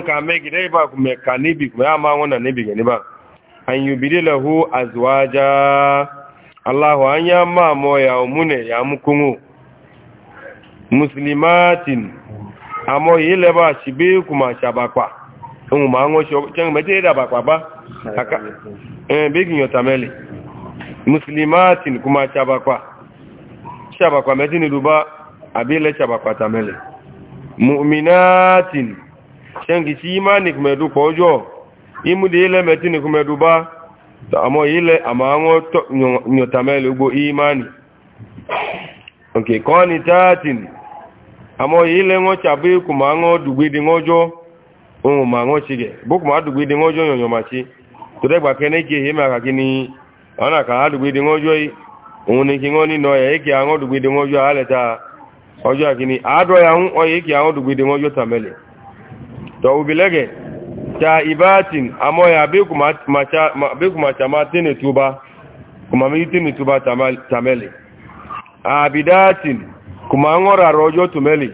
ka megide ba kuma ka nibi kuma ya ma wannan nibi gani ba an yubidi lahu azwaja Allahu an ya ma mo ya mune ya mukunu muslimatin amo yile ba shibe kuma shabakwa un ma ngo sho chen mete da bakwa ba aka eh bigin yo tamele muslimatin kuma shabakwa shabakwa mete ni duba abile shabakwa tamele mu'minatin shengi si imani kumedu kwa ojo imudi ile metini kumedu ba amo ile ama ango nyotamele ugo imani okay koni tatin amo ile ngo chabi kuma ango dugwidi ngojo ohun ma ngo chige bukuma dugwidi ngojo nyonyo machi chi kene ki hima kakini ana ka dugwidi ngojo yi dugbidi ni kí wọ́n nínú ọ̀yẹ̀ èkì àwọn òdùgbèdè wọn yóò alẹ́ta ọjọ́ àkíní àádọ́ àwọn ọ̀yẹ̀ èkì àwọn òdùgbèdè wọn yóò tàmẹ́lẹ̀ tọ̀wùbìlẹ́gẹ̀ ta ìbáàtìn àmọ́yà abẹ́kùnmàṣàmá tẹ́nì túbá kùmàmí tẹ́nì túbá tàmẹ́lì àbìdáàtìn kùmà ń wọ́n rárọ ọjọ́ tùmẹ́lì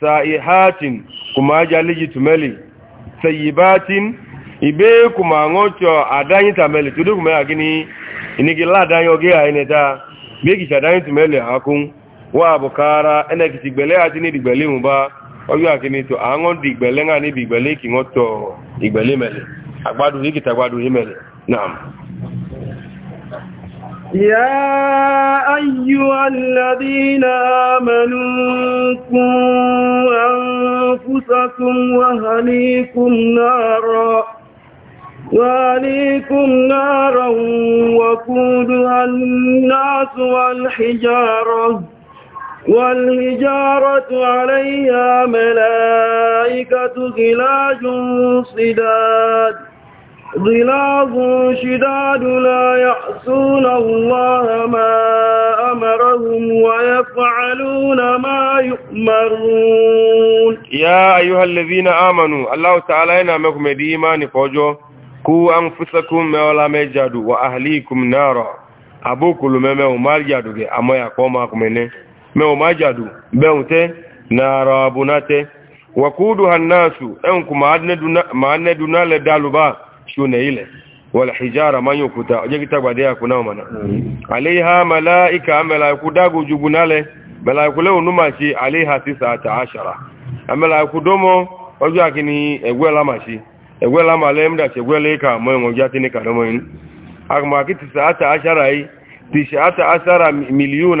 sàìhátìn kùmà ajálẹ́jì tùmẹ́lì sẹ̀yìbáàtìn ìbẹ́kùnmà ń wọ́n tọ́ àdáyìn tàmẹ́lì tó dẹ́kùnmẹ́ àgíní ìnigi láàdáyìn ọgẹ́ àìnẹta gbẹ́gìṣàdáyìn tùmẹ́lì àákún wà bùkára ẹnẹ́kìtìgbẹ̀lẹ́ àti nídìgbẹ̀lẹ́ ọjọ́ àkíní tó àwọn di ìgbẹ̀lẹ́ ńlá níbi ìgbẹ̀lẹ́ kì wọ́n tọ ìgbẹ̀lẹ́ mẹ́lẹ̀ àgbádùn ní kìtà àgbádùn ní mẹ́lẹ̀ náà. يا أيها الذين آمنوا قوا أنفسكم وأهليكم نارا وعليكم نارا وقودها الناس والحجارة والهجارة عليها ملائكة غلاج صداد غلاظ شداد لا يعصون الله ما أمرهم ويفعلون ما يؤمرون يا أيها الذين آمنوا الله تعالى ينامكم ديمان فوجو ku أنفسكم mawla majadu wa ahlikum nara abukulu meme umar jaduge amoya koma kumene mẹ́wọ̀n máa jàdù bẹ́hùn tẹ́ nààrà àbúnáte wàkúdù hannáṣù ẹnkù máa nẹ́dùná lẹ dálùbá ṣúnẹ̀ ilẹ̀ wọ̀lẹ̀ hijjára máa yóò kúta ọjọ́ kí tàgbàdé àkúná ọmọdá aléha mẹ́láìkà mẹ́láìkú dágò jugu nálẹ̀ mẹ́láìkú lẹ́wọ̀n ní máa ṣe aléha sísà àtà àṣàrà mẹ́láìkú dọ́mọ́ ọjọ́ àkíní ẹgbẹ́ lámàṣe ẹgbẹ́ ẹgbẹ́ lẹ́ẹ̀kà mọ́ ẹ̀wọ̀n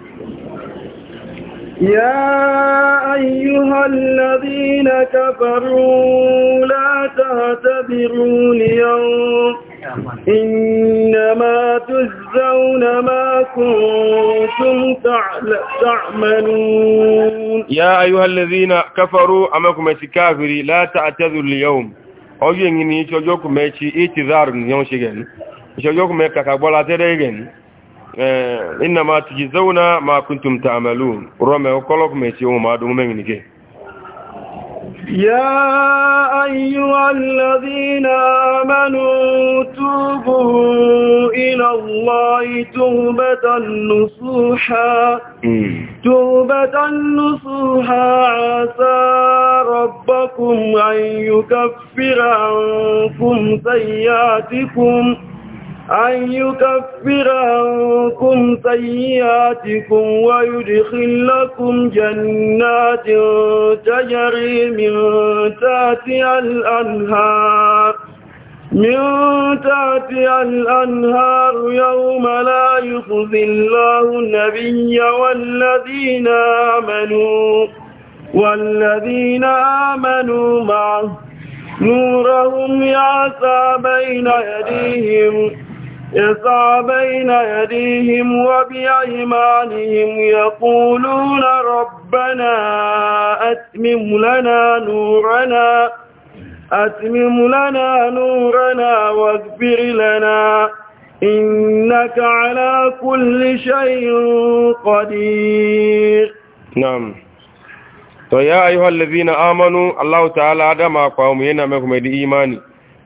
يا أيها الذين كفروا لا تهتبروا اليوم إنما تجزون ما كنتم تعملون يا أيها الذين كفروا أمكم كافري لا تعتذروا اليوم أجل أن يتجوكم إتذار يوم شغل يتجوكم ككبولة رغن innama tujzauna ma kuntum ta'malun rome okolok me ci o ma du me ngi ke يا أيها الذين آمنوا توبوا إلى الله توبة نصوحا توبة نصوحا عسى ربكم أن يكفر عنكم سيئاتكم أن يكفر عنكم سيئاتكم ويدخلكم جنات تجري من تاتها الأنهار من تاتها الأنهار يوم لا يخزي الله النبي والذين آمنوا والذين آمنوا معه نورهم يعصى بين يديهم يسعى بين يديهم وبأيمانهم يقولون ربنا أتمم لنا نورنا أتمم لنا نورنا واغفر لنا إنك على كل شيء قدير نعم ويا أيها الذين آمنوا الله تعالى عدم قومينا مكم إيماني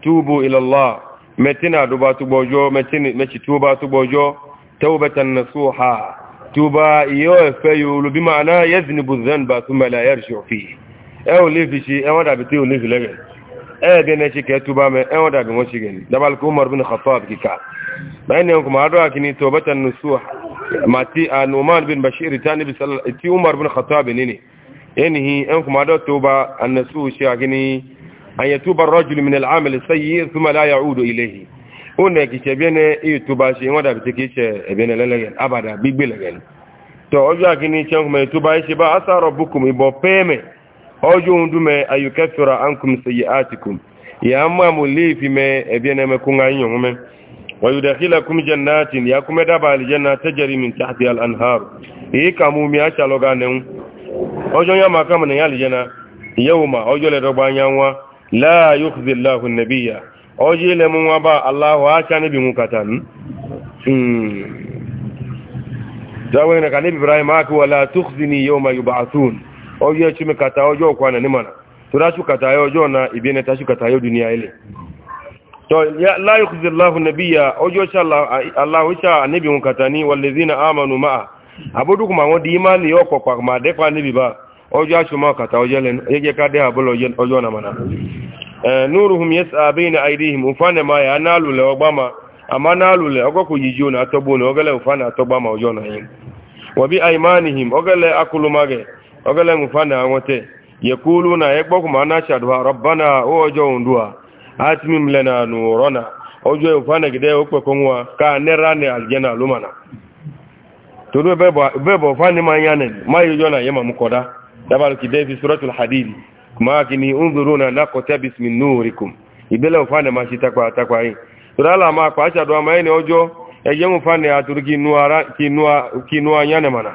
توبوا إلى الله metina duba tugbojo meci tuba tugbojo taubatan nasuha tuba iyo efe yulu bi ma'ana yaznibu dhanba thumma la yarji'u fihi e o le fi shi e wada bi ti o le fi lege e de ne shi ke tuba me e wada bi won shi geni dabal ko umar bin khattab ki ka bayan yanku ma adu akini taubatan nasuha mati anuman bin bashir tani bi sallallahu ti umar bin khattab ni ni yani hi yanku ma adu tuba an nasuha shi akini an yatuba ar-rajulu min al-amali sayyi thumma la ya'udu ilayhi one ki chebene ituba shi wada bitiki che ebene lelege abada bigbe lege to ojo akini chen kuma ituba shi ba asa rabbukum ibo peme ojo undume ayukaffira ankum sayyi'atikum ya amma mulifi me ebene me kunga nyongume wa yudkhilukum jannatin ya kuma daba aljanna tajri min tahtiha al-anhar e kamu mi acha loganen ojo nyama kama ne aljanna yawma ojo le dogba nyanwa la yukhzi Allahu an-nabiyya oje le mun wa ba Allahu acha nabi mu katan dawo ne kan Ibrahim ak wala tukhzini yawma yub'athun oje chi me kata ojo kwana ni mana tura shu kata ojo na ibine ta shu kata yo dunia ile to la yukhzi Allahu an-nabiyya ojo cha Allahu cha nabi ojo ashuma kata ojelen yeye kade abolo ojo na mana eh nuruhum yas'a baina aydihim ufane ma ya nalu le obama ama nalu le ogoku yiju na tobu na ogele ufane atobama ojo na yin wa bi aymanihim ogele akulumage ogele mufane awote yakuluna yakboku mana shadwa rabbana ojo undua atmim lana nurana ojo ufane gide okwe konwa ka nerane aljana lumana todo bebo bebo fani manyanen mayo jona yema mukoda dabal kidai fi suratul hadid kuma kini unzuruna naqtabis min nurikum ibele ufane mashi takwa takwa yi turala ma kwa sha do ma ene ojo eje mu fane aturki nuara kinua kinua nyane mana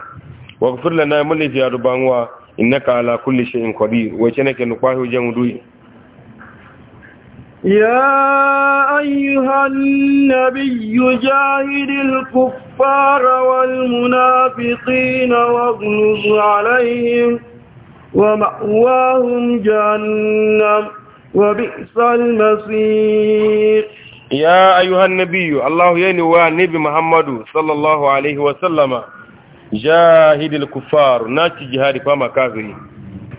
waghfir lana mulli fi arbanwa innaka ala kulli shay'in qadir wa cheneke nukwa hu jemu dui يا أيها النبي جاهد الكفار والمنافقين واغلظ عليهم ومأواهم جهنم وبئس المصير يا أيها النبي الله ينوى نبي محمد صلى الله عليه وسلم جاهد الكفار ناتي جهاد فما كافري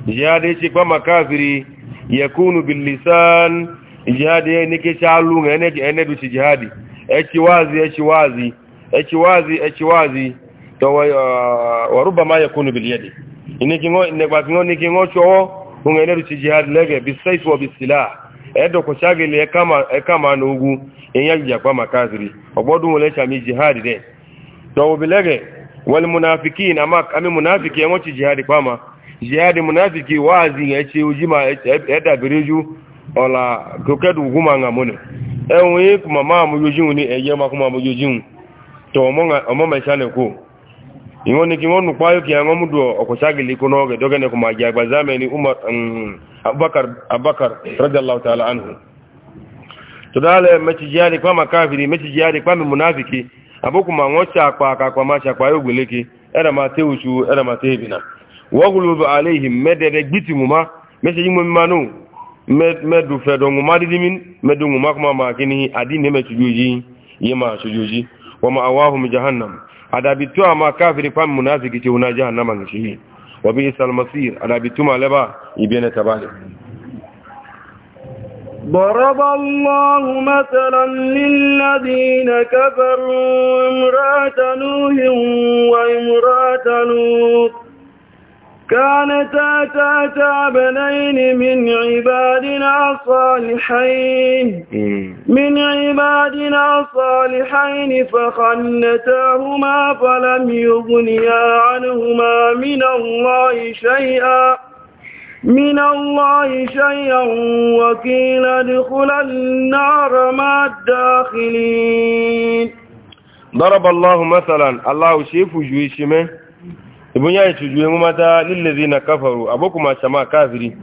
جهاد فما كافري يكون باللسان جهاد ينكي شعلون ينكي شي جهادي اتي وازي اتي وازي اتي وازي اتي وازي آه، وربما يكون باليد iniki ngo inegba ngo niki ngo chowo ungeneru chi jihad lege bisaifu wa bisilah edo ko chagele e kama e kama nugu enyanja kwa makaziri obodu mulesha mi jihad de to bilege wal munafikin ama ami munafiki ngo chi jihad kwama jihad munafiki wazi echi ujima e, eda biriju ola kokedu guma ngamune enwe kuma mamu yujuni eye makuma mujujun to omonga omoma chane ko ingoni kingonu kwayo kiyango mudu okushagili kunoge dogene kumaja bazame ni umar um, abakar abakar radiyallahu ta'ala anhu tudale mechi jari kwa makafiri mechi jari kwa munafiki aboku mangocha kwa kwa macha kwa yoguliki era mateuchu era matebina wagulub alaihim medede gitimuma mechi yimu manu med medu fedongu madidimin medungu makuma makini adini mechujuji yema chujuji wa ma'awahum jahannam adabituwa ma kafiri pan munafiki ce wuna jahannama ga shi wa bi isal masir adabitu ma laba ibene tabale ضرب الله مثلا للذين كفروا امرأة نوح وامرأة لوط كانتا تاتا بنين من عبادنا الصالحين من عبادنا الصالحين فخنتاهما فلم يغنيا عنهما من الله شيئا من الله شيئا وكيل ادخل النار مع الداخلين ضرب الله مثلا الله شيف جويشمه ibn ya tuju mu mata lillazina kafaru abukuma sama kafiri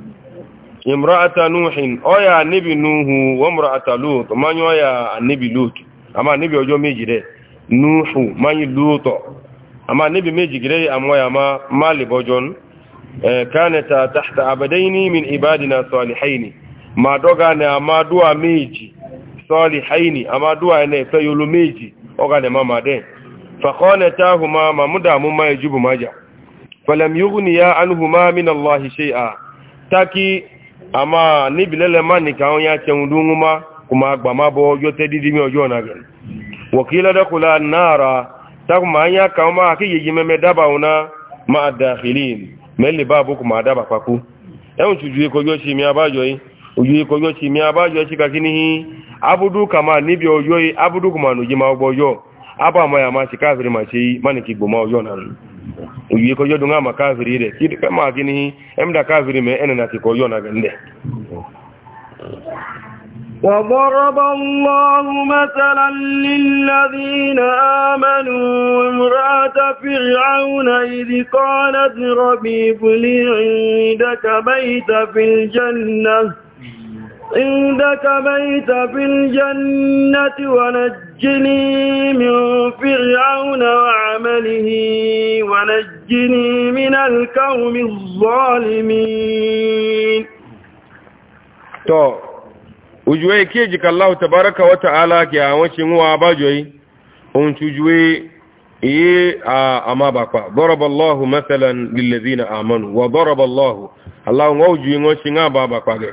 imra'ata nuhin oya nabi nuhu wa imra'ata lut man oya nabi lut ama nabi ojo meji de nuhu man lut ama nabi meji gire amoya ma malibojon eh, kanata tahta abadaini min ibadina salihaini ma doga ne ama duwa meji salihaini ama duwa ne feyolo meji oga ne mama de فخانتاهما ما مدام ما يجب ما جاء فلم يغنيا عنهما من الله شيئا تاكي اما نبلل ما نكاون يا تشندوما كما غما بو جو تديدي مي اوجو ناغن وكيل دخل النار تاكما يا كما كي يجي مي دباونا مع الداخلين ملي بابك ما دبا فكو اون تجوي كو جو شي مي اباجو يي ojú ikọ̀ yóò ṣe mi abájọ́ ṣíkà kí ní abúdú kàmà níbi ọjọ́ abúdú kàmà nùjí ma ọgbọ̀ ọjọ́ aba ma ya ma ci kafiri ma ci mani ki goma ojo na uyi ko yodu nga kafiri de ki ka ma gini em da kafiri me ene na ko yona gende وضرب الله مثلا للذين آمنوا امرأة فرعون إذ قالت ربي بلي عندك بيت في الجنة عندك بيت في الجنة ونجني من فرعون وعمله ونجني من الكوم الظالمين تو ujuwe keji kallahu tabaraka wa ta'ala ki awon chi mu abajoyi on tujuwe iye ama bakwa daraba allah mathalan lil ladina amanu wa daraba allah allah ngo ujuwe ngo chi nga baba kwa ge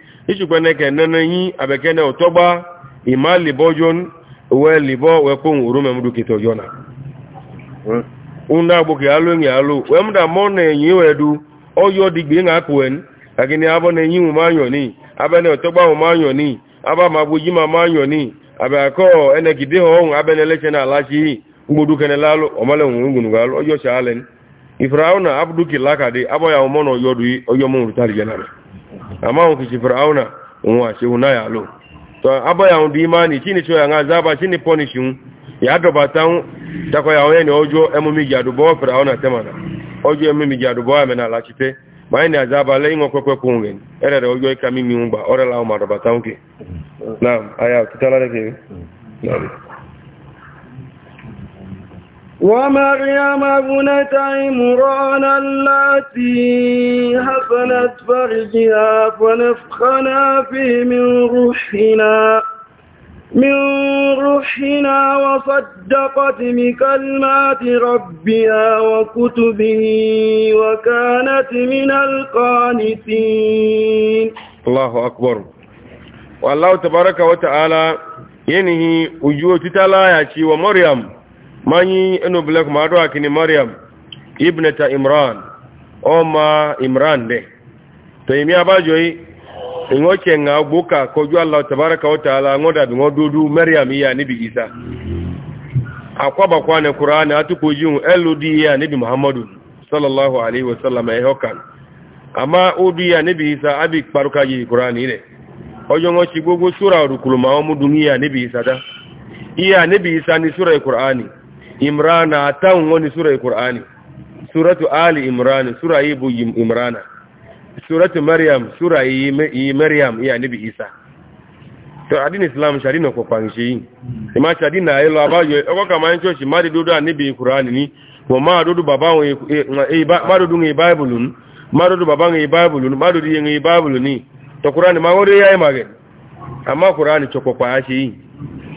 ichukweneke nenenyi abekene otogba ima libo jon we libo we kun urume mdu kito jona unda buke alu ngi alu we mda mone nyi wedu oyo digbe nga kuen lakini abo ne nyi umanyo ni abene otogba umanyo ni aba mabuji mamanyo ni abako ene kideho on abene leche na alashi ngbodu lalo omale ngunu galo oyo shalen ifrauna abdu kilakade abo ya umono yodu oyo mu amma ku kici fir'auna in wace ụna ya lo to abaya ya di imani shine cewa nga ya doba tan ta ko ya wani ojo emumi ya dubo fir'auna temana ojo emumi chite ma ni azaba le ingo kwekwe kungen ere re ojo ika miumba ore la ma madoba tan na aya kitala ke na ومريم ابنة عمران التي حفنت فرجها فنفخنا فيه من روحنا من روحنا وصدقت بكلمات ربها وكتبه وكانت من القانتين الله أكبر والله تبارك وتعالى ينهي وجوه تتلايا ومريم mani enu black mado akini maryam ibneta imran oma imran de to imi abajo yi ingo chenga buka koju allah tabaraka wa taala ngoda bi ngodudu maryam ya nabi isa akwaba kwane qur'ani atuko yun eludi ya nabi muhammadu sallallahu alaihi wasallam e hokan ama odi ya nabi isa abi paruka yi qur'ani ne ojo ngo chi gogo sura rukuluma omudu ya nabi isa da iya nabi ni sura qur'ani imrana tan wani sura qur'ani suratu ali imran sura ibu imrana suratu maryam sura yi maryam ya nabi isa to adin islam sharina ko kwanshi ima sharina ilo abayo ko kama ncho shi mari dodo nabi qur'ani ni wo ma dodo baba won e ma dodo ngi bible nu ma dodo baba ngi bible nu ma dodo ngi bible ni to qur'ani ma wori yayi mage amma qur'ani choko kwa shi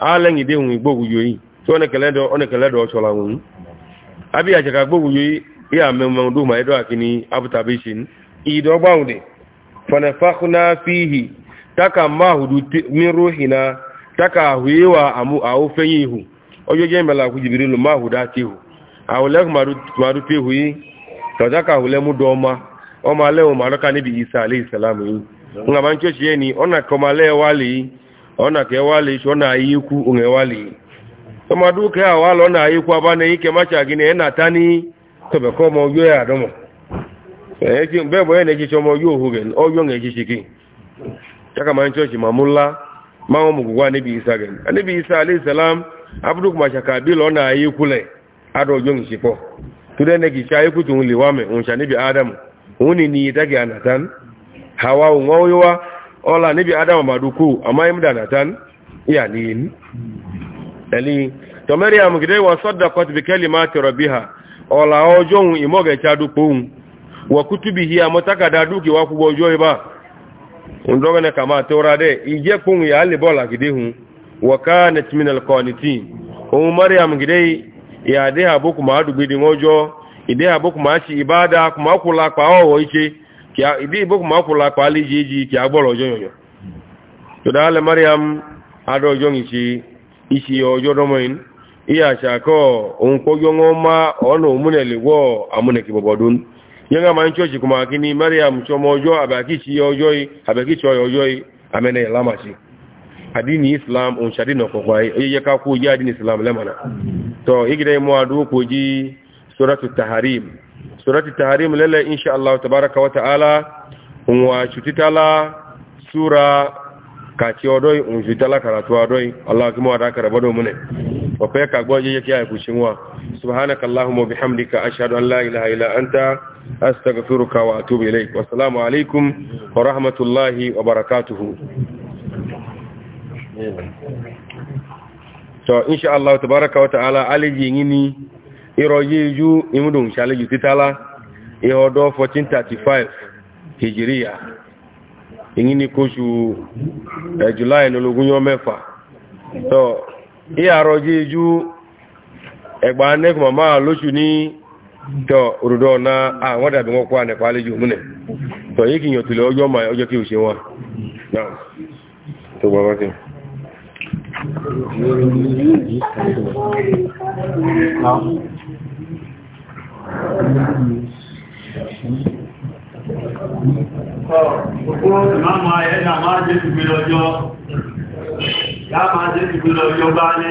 alẹ́yìn dé òun ìgbógun yòóyì tí ọ̀nẹ́kẹ̀lẹ́dọ̀ ọ̀ṣọ́la òun àbí àjẹ̀ká gbógun hi bí àmẹ́mọ́ ọdún ma ẹ̀dọ́ àkíní abútàbí ṣe ní ìdọ́gbàhùn dẹ̀ fọ̀nẹ̀fàkúnná fíhì taka máhùdú míròhìnà taka àhùyéwà àwòfẹ́yìn ihù ona ke wali shona ayiku unge wali toma duke awalo na ayiku abane ike macha gine ena tani tobe ko mo ya domo eh ki be ene ki chomo yo hugen o yo nge kishiki taka man chochi mamulla mawo mugwa ne bi isa gen ne isa alayhi salam abdu kuma shaka bi lo le ado yo ngishipo tude ne ki chayiku tun liwame unsha ne bi adam uni ni itake anatan hawa ngoyowa ọlá níbi adama maduku amma imda na tan iya ni yin ẹni to maryam gidai wa saddaqat bi kalimati rabbiha ọlá ọjọ́ hun imoge cha dupo hun wa kutubihi amatakada duki wa ku de ije kun ya le bola gidai hun wa kanat min al abu kuma adugbe din abu kuma ibada kuma kula pa kia ibi iboku ma kula kwa liji ji kia gboro ojo yoyo to mariam ado ojo nchi isi ojo domoin iya shako on ko yongo ma ono mune liwo amune ki bobodun yenga ma ncho chi kuma kini mariam chomo amene lama chi islam on shadi kwa yeye ka ku islam lemana to igide mo adu ko ji suratul سورة التحريم للا إن شاء الله تبارك وتعالى وشتتلا سورة كاتيو دوي وشتتلا كراتوا دوي الله كما أدعك ربضو مني وفيك أقبوا جيكي أيكو شموا سبحانك اللهم وبحمدك أشهد أن لا إله إلا أنت أستغفرك وأتوب إليك والسلام عليكم ورحمة الله وبركاته to insha Allah tabaraka wa ta'ala aliji ngini iroyeju imudun shaleju titala ihodo 1435 hijiriya ìyí ni kóṣù ẹ̀jùláì eh, lọ́lọ́gún yọ mẹ́fà tó ìyàrọ̀jì ijú ẹgbà anẹ́kùnmọ̀ máa lóṣù ní tọ òrùdó ọ̀nà àwọn dàbí wọn kó ànẹ̀pá lójú múnẹ̀ tó yí kìyàn tìlẹ̀ ọjọ́ ma ọjọ́ kí o ṣe wọn náà tó gbọ́ Thank you. Òkú ìmáàmù ayẹ́ ní àmáà jẹ́ ìgbélọ́jọ́, láàmáà jẹ́ ìgbélọ́jọ́ bá ní